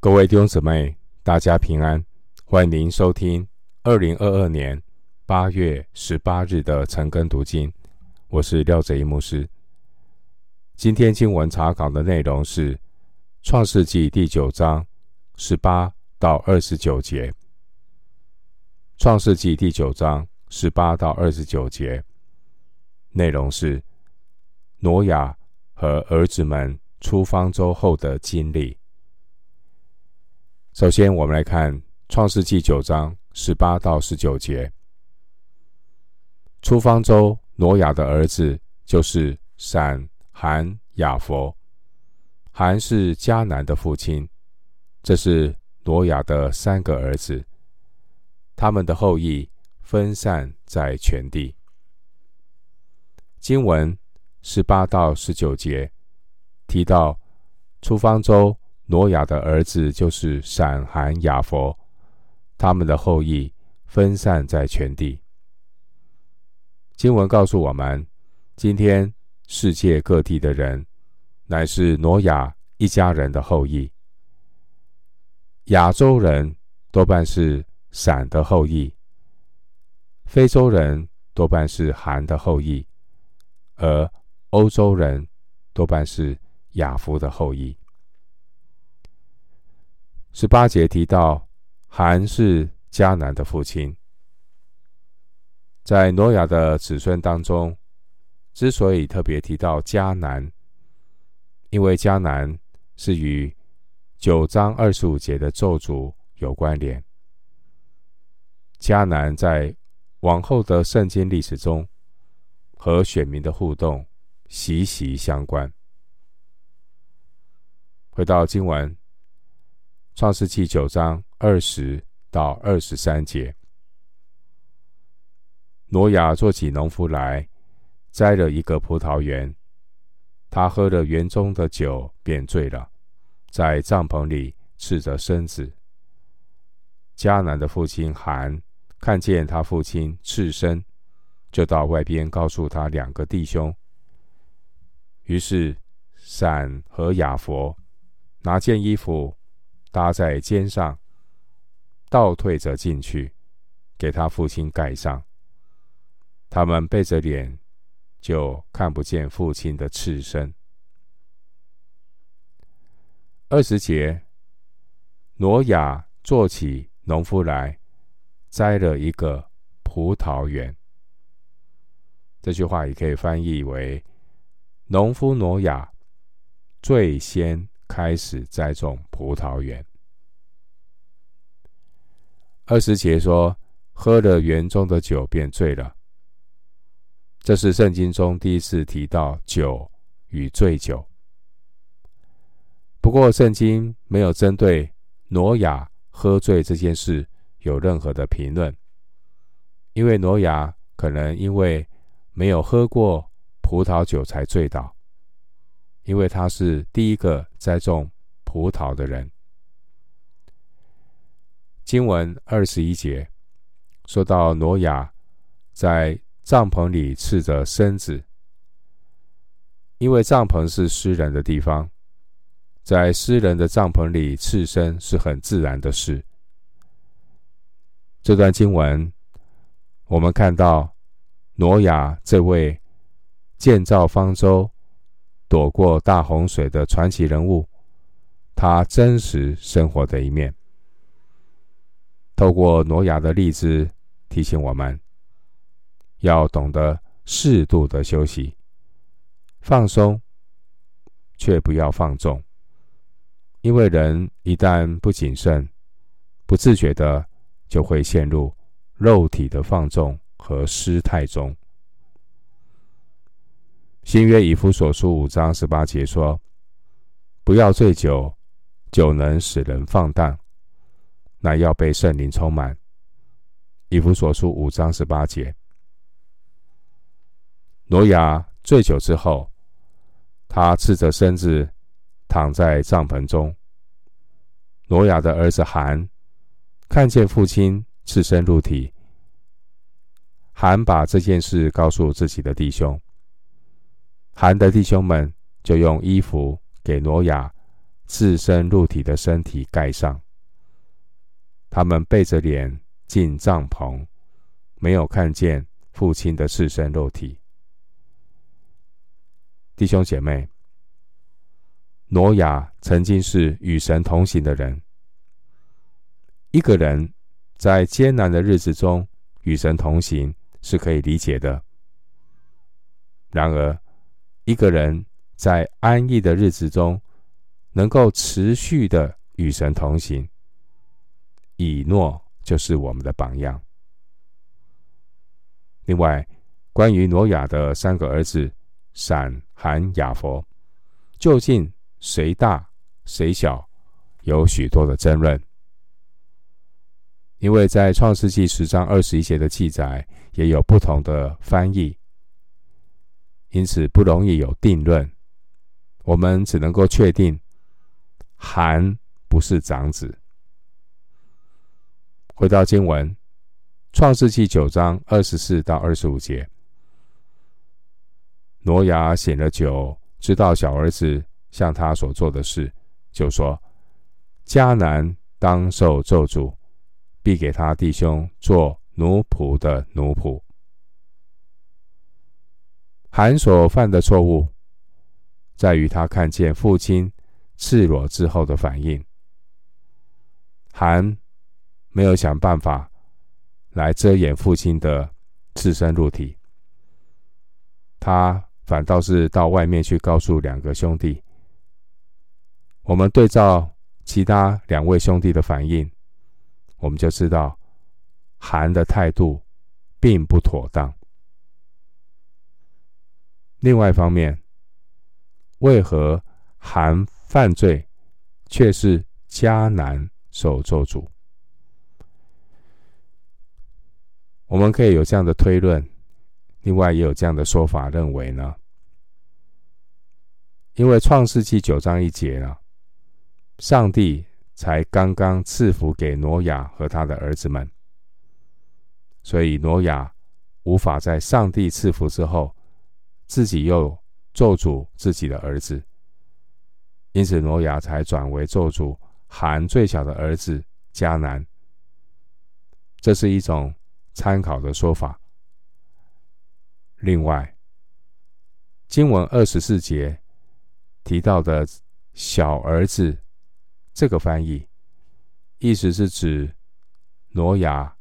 各位弟兄姊妹，大家平安！歡迎您收聽二零二二年八月十八日的晨更讀經。我是廖哲一牧師。今天經文查考的內容是《創世記》第九章十八到二十九節。《創世記》第九章十八到二十九節內容是挪亞和兒子們出方舟後的經歷。首先，我們來看《創世記》九章十八到十九節：出方舟，挪亞的兒子就是閃、含、雅弗。含是迦南的父親。這是挪亞的三個兒子，他們的後裔分散在全地。經文十八到十九節提到出方舟。挪亞的兒子就是閃、含、雅弗，他們的後裔分散在全地。經文告訴我們，今天世界各地的人乃是挪亞一家人的後裔。亞洲人多半是閃的後裔，非洲人多半是含的後裔，而歐洲人多半是雅弗的後裔。十八節提到，含是迦南的父親。在挪亞的子孫當中，之所以特別提到迦南，因為迦南是與九章二十五節的咒詛有關聯。迦南在往後的聖經歷史中，和選民的互動息息相關。回到今晚。創世記九章二十到二十三節：挪亞做起農夫來，栽了一個葡萄園。他喝了園中的酒，便醉了，在帳篷裡赤着身子。迦南的父親含看見他父親赤身，就到外邊告訴他兩個弟兄。於是閃和雅弗拿件衣服。搭在肩上，倒退着進去，給他父親蓋上。他們背着臉，就看不見父親的赤身。二十節，挪亞做起農夫來，栽了一個葡萄園。這句話也可以翻譯為：農夫挪亞最先開始栽種葡萄園。二十節說，喝了園中的酒便醉了。這是聖經中第一次提到酒與醉酒。不過，聖經沒有針對挪亞喝醉這件事有任何的評論，因為挪亞可能因為沒有喝過葡萄酒才醉倒，因為他是第一個栽種葡萄的人。經文二十一節說到，挪亞在帳篷裡赤着身子，因為帳篷是私人的地方，在私人的帳篷裡赤身是很自然的事。這段經文，我們看到挪亞這位建造方舟、躲過大洪水的傳奇人物，他真實生活的一面。透過挪亞的例子，提醒我們要懂得適度的休息、放鬆，却不要放縱。因為人一旦不謹慎、不自覺的，就會陷入肉體的放縱和失態中。新約以弗所書五章十八節說：“不要醉酒，酒能使人放蕩。”乃要被聖靈充滿。以弗所書五章十八節。挪亞醉酒之後，他赤着身子躺在帳篷中。挪亞的兒子含看見父親赤身露體，含把這件事告訴自己的弟兄。含的弟兄們就用衣服給挪亞赤身露體的身體蓋上。他們背着臉進帳篷，沒有看見父親的赤身肉體。弟兄姐妹，挪亞曾經是與神同行的人。一個人在艱難的日子中與神同行是可以理解的。然而，一個人在安逸的日子中能夠持續的與神同行。以諾就是我們的榜樣。另外，關於挪亞的三個兒子閃、含、雅弗，究竟誰大誰小，有許多的爭論。因為在《創世記》十章二十一節的記載也有不同的翻譯，因此不容易有定論。我們只能夠確定含不是長子。回到經文，《創世記》九章二十四到二十五節，挪亞醒了酒，知道小兒子向他所做的事，就說：“迦南當受咒詛，必給他弟兄做奴僕的奴僕。”含所犯的錯誤，在於他看見父親赤裸之後的反應，含。沒有想辦法來遮掩父親的赤身露體，他反倒是到外面去告訴兩個兄弟。我們對照其他兩位兄弟的反應，我們就知道含的態度並不妥當。另外一方面，為何含犯罪却是迦南受咒詛？我們可以有這樣的推論，另外也有這樣的說法，認為呢，因為創世記九章一節呢、啊，上帝才剛剛賜福給挪亞和他的兒子們，所以挪亞無法在上帝賜福之後，自己又咒詛自己的兒子，因此挪亞才轉為咒詛含最小的兒子迦南，這是一種。參考的說法。另外，經文二十四節提到的“小兒子”這個翻譯，意思是指挪亞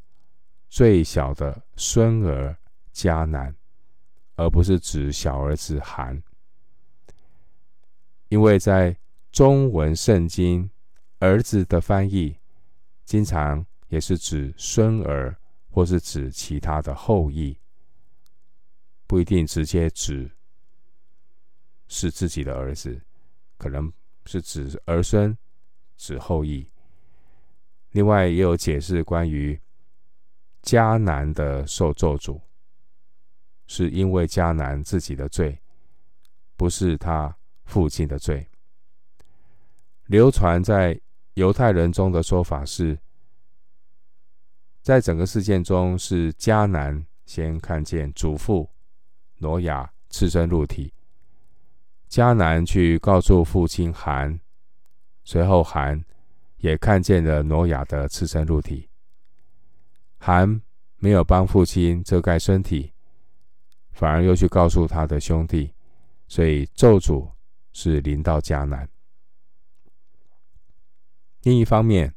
最小的孫兒迦南，而不是指小兒子含。因為在中文聖經，“兒子”的翻譯經常也是指孫兒。或是指其他的後裔，不一定直接指是自己的兒子，可能是指兒孫、指後裔。另外也有解釋關於迦南的受咒詛，是因為迦南自己的罪，不是他父親的罪。流傳在猶太人中的說法是。在整個事件中，是迦南先看見祖父挪亞赤身露體，迦南去告訴父親含，隨後含也看見了挪亞的赤身露體。含沒有幫父親遮蓋身體，反而又去告訴他的兄弟，所以咒詛是臨到迦南。另一方面，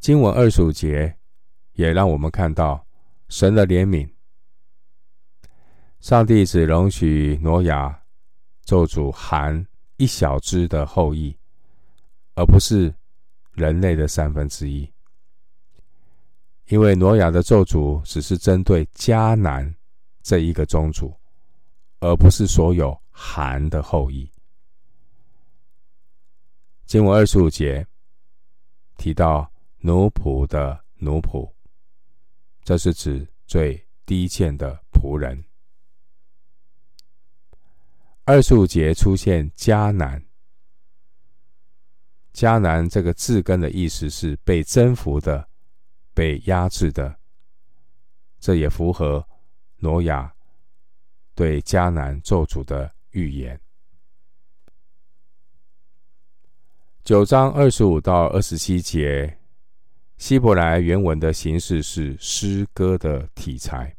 經文二十五節。也讓我們看到神的憐憫。上帝只容許挪亞咒詛含一小支的後裔，而不是人類的三分之一。因為挪亞的咒詛只是針對迦南這一個宗族，而不是所有含的後裔。經文二十五節提到奴僕的奴僕。這是指最低賤的僕人。二十五節出現迦南，迦南這個字根的意思是被征服的、被壓制的。這也符合挪亞對迦南咒詛的預言。九章二十五到二十七節。希伯來原文的形式是詩歌的題材。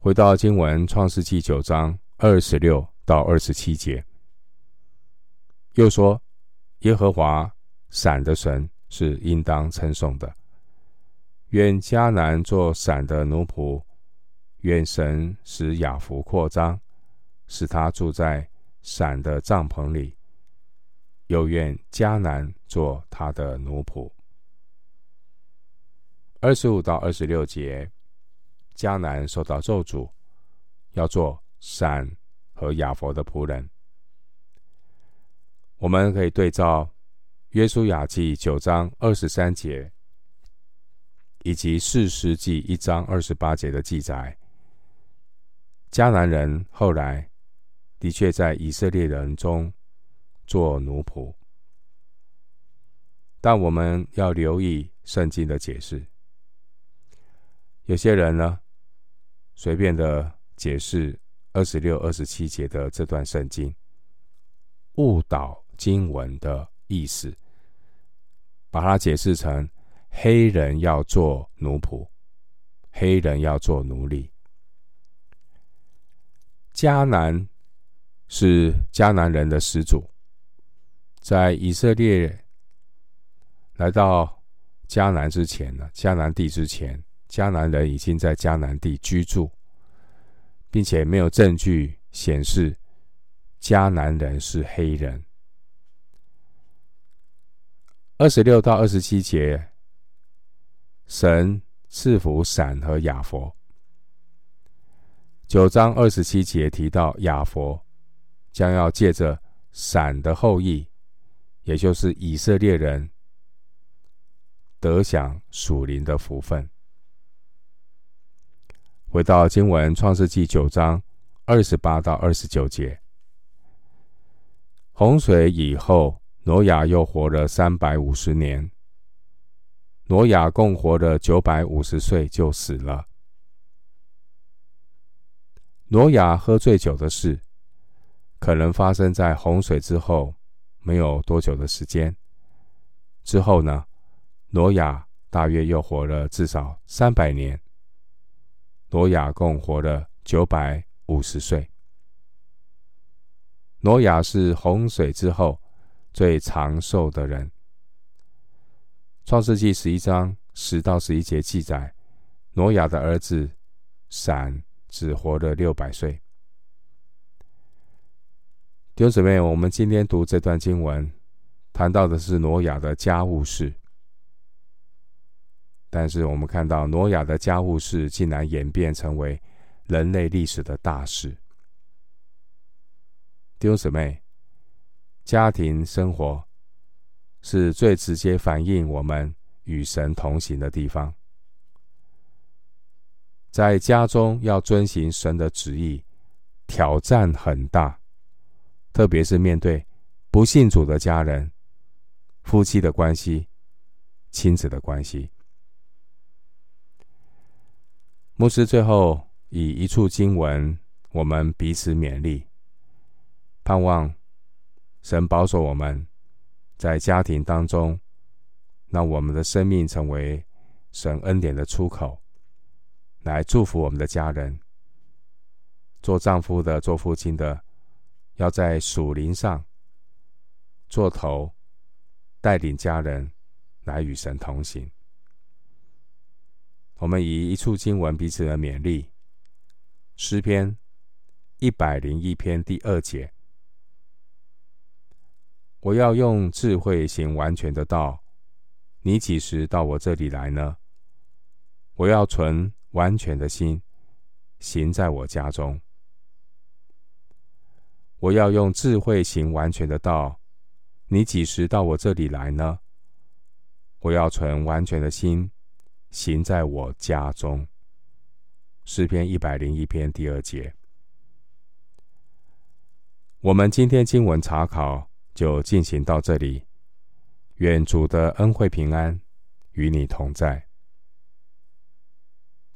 回到經文《創世記》九章二十六到二十七節，又說：“耶和華閃的神是應當稱頌的，願迦南做閃的奴僕，願神使雅弗擴張，使他住在閃的帳篷裡。”又願迦南做他的奴僕。二十五到二十六節，迦南受到咒詛，要做閃和雅弗的僕人。我們可以對照《約書亞記》九章二十三節，以及《士師記》一章二十八節的記載。迦南人後來的確在以色列人中。做奴僕，但我們要留意聖經的解釋。有些人呢，隨便的解釋二十六、二十七節的這段聖經，誤導經文的意思，把它解釋成黑人要做奴僕，黑人要做奴隸。迦南是迦南人的始祖。在以色列來到迦南之前呢，迦南地之前，迦南人已經在迦南地居住，並且沒有證據顯示迦南人是黑人。二十六到二十七節，神賜福閃和雅弗。九章二十七節提到雅弗將要借着閃的後裔。也就是以色列人得享屬靈的福分。回到經文，《創世記》九章二十八到二十九節：洪水以後，挪亞又活了三百五十年。挪亞共活了九百五十歲就死了。挪亞喝醉酒的事，可能發生在洪水之後。沒有多久的時間，之後呢，挪亞大約又活了至少三百年。挪亞共活了九百五十歲。挪亞是洪水之後最長壽的人。創世紀十一章十到十一節記載，挪亞的兒子閃只活了六百歲。弟兄姊妹，我們今天讀這段經文，談到的是挪亞的家務事。但是我們看到，挪亞的家務事竟然演變成為人類歷史的大事。弟兄姊妹，家庭生活是最直接反映我們與神同行的地方。在家中要遵行神的旨意，挑戰很大。特別是面對不信主的家人，夫妻的關係，親子的關係，牧師最後以一處經文，我們彼此勉勵，盼望神保守我們在家庭當中，讓我們的生命成為神恩典的出口，來祝福我們的家人。做丈夫的，做父親的。要在屬靈上做頭，帶領家人來與神同行。我們以一處經文彼此的勉勵，《詩篇》一百零一篇第二節：我要用智慧行完全的道，你幾時到我這裡來呢？我要存完全的心，行在我家中。我要用智慧行完全的道，你幾時到我這裡來呢？我要存完全的心，行在我家中。詩篇一百零一篇第二節。我們今天經文查考就進行到這裡，願主的恩惠平安與你同在。